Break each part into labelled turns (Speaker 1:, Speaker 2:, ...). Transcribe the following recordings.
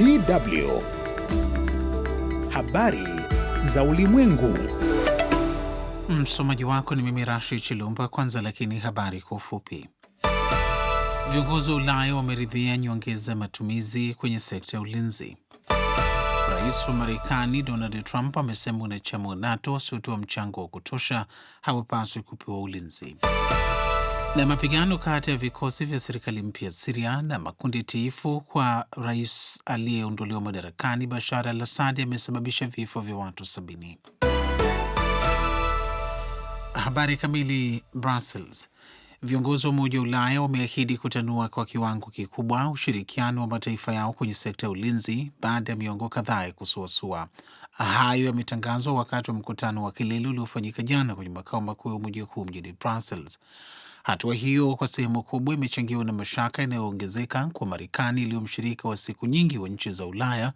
Speaker 1: DW habari za ulimwengu.
Speaker 2: Msomaji wako ni mimi Rashi Chilumba. Kwanza lakini habari kwa ufupi. Viongozi wa Ulaya wameridhia nyongeza ya matumizi kwenye sekta ya ulinzi. Rais wa Marekani Donald Trump amesema wanachama wa NATO wasiotoa mchango wa kutosha hawapaswi kupewa ulinzi. Na mapigano kati ya vikosi vya serikali mpya ya Siria na makundi tiifu kwa rais aliyeondolewa madarakani Bashar al Assad yamesababisha vifo vya watu sabini. Habari kamili. Brussels. Viongozi wa Umoja wa Ulaya wameahidi kutanua kwa kiwango kikubwa ushirikiano wa mataifa yao kwenye sekta ya ulinzi baada ya miongo kadhaa ya kusuasua. Hayo yametangazwa wakati wa mkutano wa kilele uliofanyika jana kwenye makao makuu ya umoja huu mjini Brussels. Hatua hiyo kwa sehemu kubwa imechangiwa na mashaka yanayoongezeka kwa Marekani iliyo mshirika wa siku nyingi wa nchi za Ulaya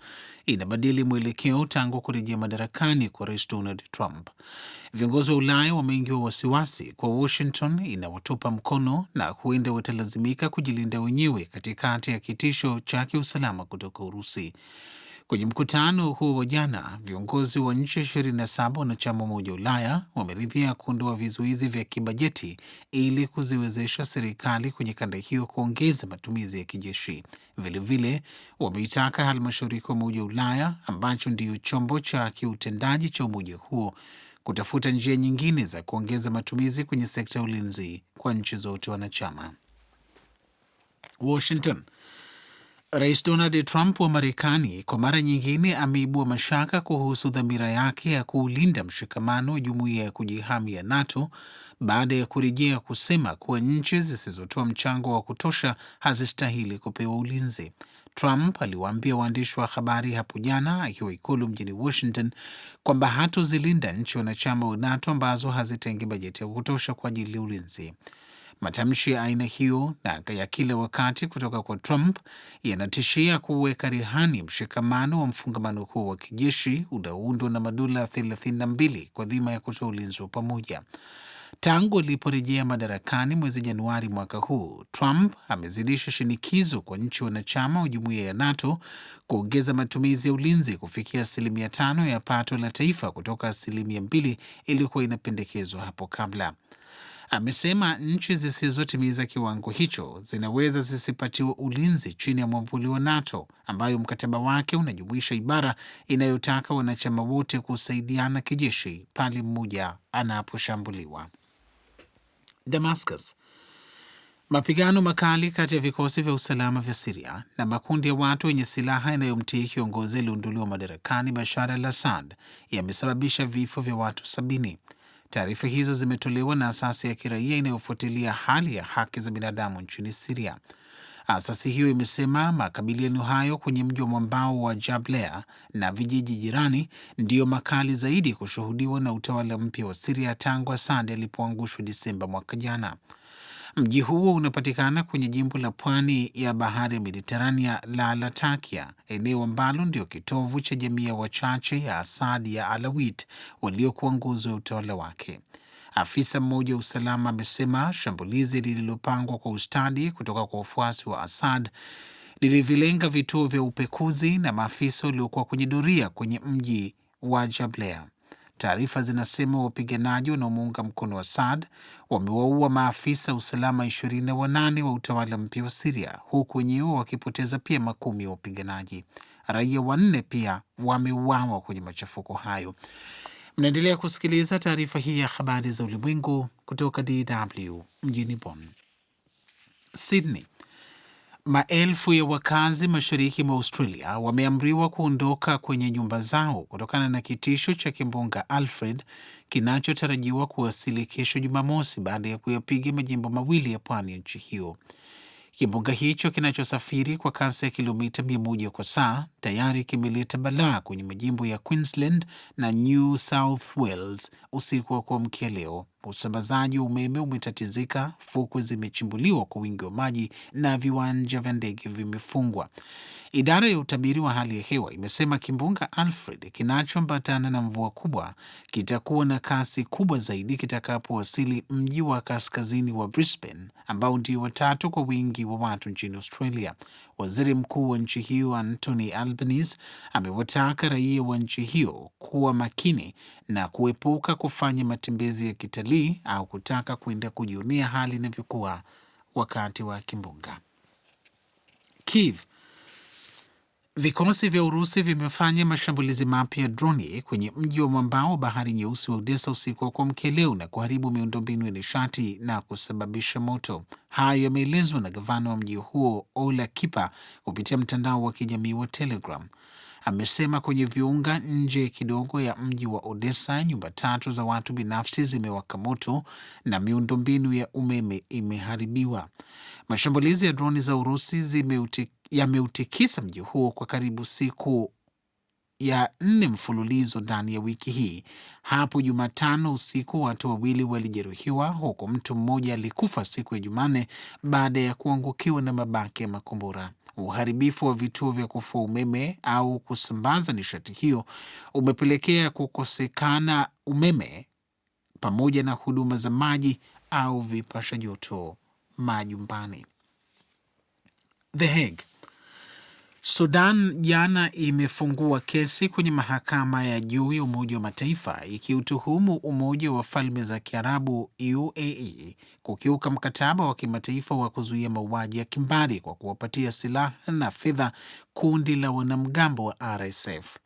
Speaker 2: inabadili mwelekeo tangu kurejea madarakani kwa Rais Donald Trump. Viongozi wa Ulaya wameingiwa wasiwasi kwa Washington inawatupa mkono na huenda watalazimika kujilinda wenyewe katikati ya kitisho cha kiusalama kutoka Urusi. Kwenye mkutano huo jana, viongozi wa nchi 27 wanachama Umoja wa Ulaya wameridhia kuondoa vizuizi vya kibajeti ili kuziwezesha serikali kwenye kanda hiyo kuongeza matumizi ya kijeshi. Vilevile wameitaka halmashauri kuu ya Umoja wa Ulaya, ambacho ndiyo chombo cha kiutendaji cha umoja huo, kutafuta njia nyingine za kuongeza matumizi kwenye sekta ya ulinzi kwa nchi zote wanachama. Washington Rais Donald Trump wa Marekani kwa mara nyingine ameibua mashaka kuhusu dhamira yake ya kuulinda mshikamano wa jumuiya ya kujihami ya NATO baada ya kurejea kusema kuwa nchi zisizotoa mchango wa kutosha hazistahili kupewa ulinzi. Trump aliwaambia waandishi wa habari hapo jana akiwa ikulu mjini Washington kwamba hatuzilinda nchi wanachama wa NATO ambazo hazitengi bajeti ya kutosha kwa ajili ya ulinzi. Matamshi ya aina hiyo na ya kila wakati kutoka kwa Trump yanatishia kuweka rehani mshikamano wa mfungamano huo wa kijeshi unaoundwa na madola 32 kwa dhima ya kutoa ulinzi wa pamoja. Tangu aliporejea madarakani mwezi Januari mwaka huu, Trump amezidisha shinikizo kwa nchi wanachama wa jumuiya ya NATO kuongeza matumizi ya ulinzi kufikia asilimia tano ya pato la taifa kutoka asilimia mbili iliyokuwa inapendekezwa hapo kabla. Amesema nchi zisizotimiza kiwango hicho zinaweza zisipatiwe ulinzi chini ya mwamvuli wa NATO, ambayo mkataba wake unajumuisha ibara inayotaka wanachama wote kusaidiana kijeshi pale mmoja anaposhambuliwa. Damascus. Mapigano makali kati ya vikosi vya usalama vya Siria na makundi ya watu wenye silaha yanayomtii kiongozi aliyeondolewa madarakani Bashar al Assad yamesababisha vifo vya watu sabini. Taarifa hizo zimetolewa na asasi ya kiraia inayofuatilia hali ya haki za binadamu nchini Siria. Asasi hiyo imesema makabiliano hayo kwenye mji wa mwambao wa Jablea na vijiji jirani ndiyo makali zaidi kushuhudiwa na utawala mpya wa Siria tangu Asad alipoangushwa Disemba mwaka jana. Mji huo unapatikana kwenye jimbo la pwani ya bahari ya Mediterania la Latakia, eneo ambalo ndio kitovu cha jamii ya wachache ya Asadi ya Alawit waliokuwa nguzo ya utawala wake. Afisa mmoja wa usalama amesema shambulizi lililopangwa kwa ustadi kutoka kwa wafuasi wa Asad lilivyolenga vituo vya upekuzi na maafisa waliokuwa kwenye doria kwenye mji wa Jablea. Taarifa zinasema wapiganaji wanaomuunga mkono Assad wamewaua maafisa usalama 28 wa utawala mpya wa Siria, huku wenyewe wakipoteza pia makumi ya wapiganaji. Raia wanne pia wameuawa kwenye machafuko hayo. Mnaendelea kusikiliza taarifa hii ya habari za ulimwengu kutoka DW mjini Bonn. Sydney Maelfu ya wakazi mashariki mwa Australia wameamriwa kuondoka kwenye nyumba zao kutokana na kitisho cha kimbunga Alfred kinachotarajiwa kuwasili kesho Jumamosi baada ya kuyapiga majimbo mawili ya pwani ya nchi hiyo. Kimbunga hicho kinachosafiri kwa kasi ya kilomita 100 kwa saa tayari kimeleta balaa kwenye majimbo ya Queensland na New South Wales usiku wa kuamkia leo usambazaji wa umeme umetatizika, fukwe zimechimbuliwa kwa wingi wa maji na viwanja vya ndege vimefungwa. Idara ya utabiri wa hali ya hewa imesema kimbunga Alfred kinachoambatana na mvua kubwa kitakuwa na kasi kubwa zaidi kitakapowasili mji wa kaskazini wa Brisbane, ambao ndio watatu kwa wingi wa watu nchini Australia. Waziri mkuu wa nchi hiyo Anthony Albanese amewataka raia wa nchi hiyo kuwa makini na kuepuka kufanya matembezi ya kitalii kutalii au kutaka kuenda kujionia hali inavyokuwa wakati wa kimbunga. Kiev. Vikosi vya Urusi vimefanya mashambulizi mapya ya droni kwenye mji wa mwambao wa bahari nyeusi wa Odessa usiku wa kuamkia leo na kuharibu miundombinu ya nishati na kusababisha moto. Hayo yameelezwa na gavana wa mji huo Ola Kipa kupitia mtandao wa kijamii wa Telegram amesema kwenye viunga nje kidogo ya mji wa Odessa nyumba tatu za watu binafsi zimewaka moto na miundombinu ya umeme imeharibiwa. Mashambulizi ya droni za Urusi yameutikisa mji huo kwa karibu siku ya nne mfululizo ndani ya wiki hii. Hapo Jumatano usiku watu wawili walijeruhiwa, huku mtu mmoja alikufa siku ya Jumanne baada ya kuangukiwa na mabaki ya makombora. Uharibifu wa vituo vya kufua umeme au kusambaza nishati hiyo umepelekea kukosekana umeme pamoja na huduma za maji au vipasha joto majumbani. The Hague Sudan jana imefungua kesi kwenye mahakama ya juu ya Umoja wa Mataifa ikiutuhumu Umoja wa Falme za Kiarabu UAE kukiuka mkataba wa kimataifa wa kuzuia mauaji ya kimbari kwa kuwapatia silaha na fedha kundi la wanamgambo wa RSF.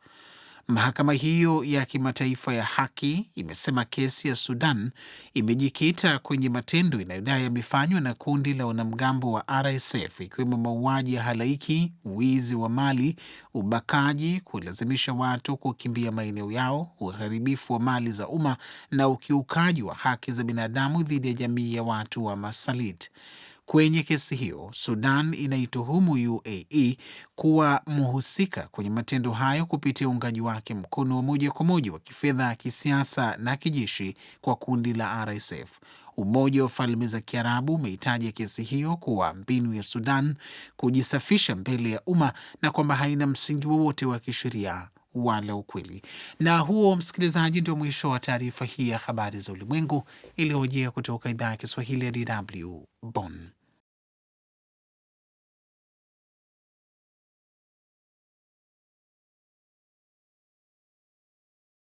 Speaker 2: Mahakama hiyo ya kimataifa ya haki imesema kesi ya Sudan imejikita kwenye matendo inayodai yamefanywa na kundi la wanamgambo wa RSF ikiwemo mauaji ya halaiki, wizi wa mali, ubakaji, kulazimisha watu kukimbia maeneo yao, uharibifu wa mali za umma na ukiukaji wa haki za binadamu dhidi ya jamii ya watu wa Masalit. Kwenye kesi hiyo, Sudan inaituhumu UAE kuwa mhusika kwenye matendo hayo kupitia uungaji wake mkono wa moja kwa moja wa kifedha, kisiasa na kijeshi kwa kundi la RSF. Umoja wa Falme za Kiarabu umeitaja kesi hiyo kuwa mbinu ya Sudan kujisafisha mbele ya umma na kwamba haina msingi wowote wa kisheria wala ukweli. Na huo, msikilizaji, ndio mwisho wa taarifa hii ya habari za ulimwengu iliyojia kutoka idhaa ya Kiswahili ya DW Bonn.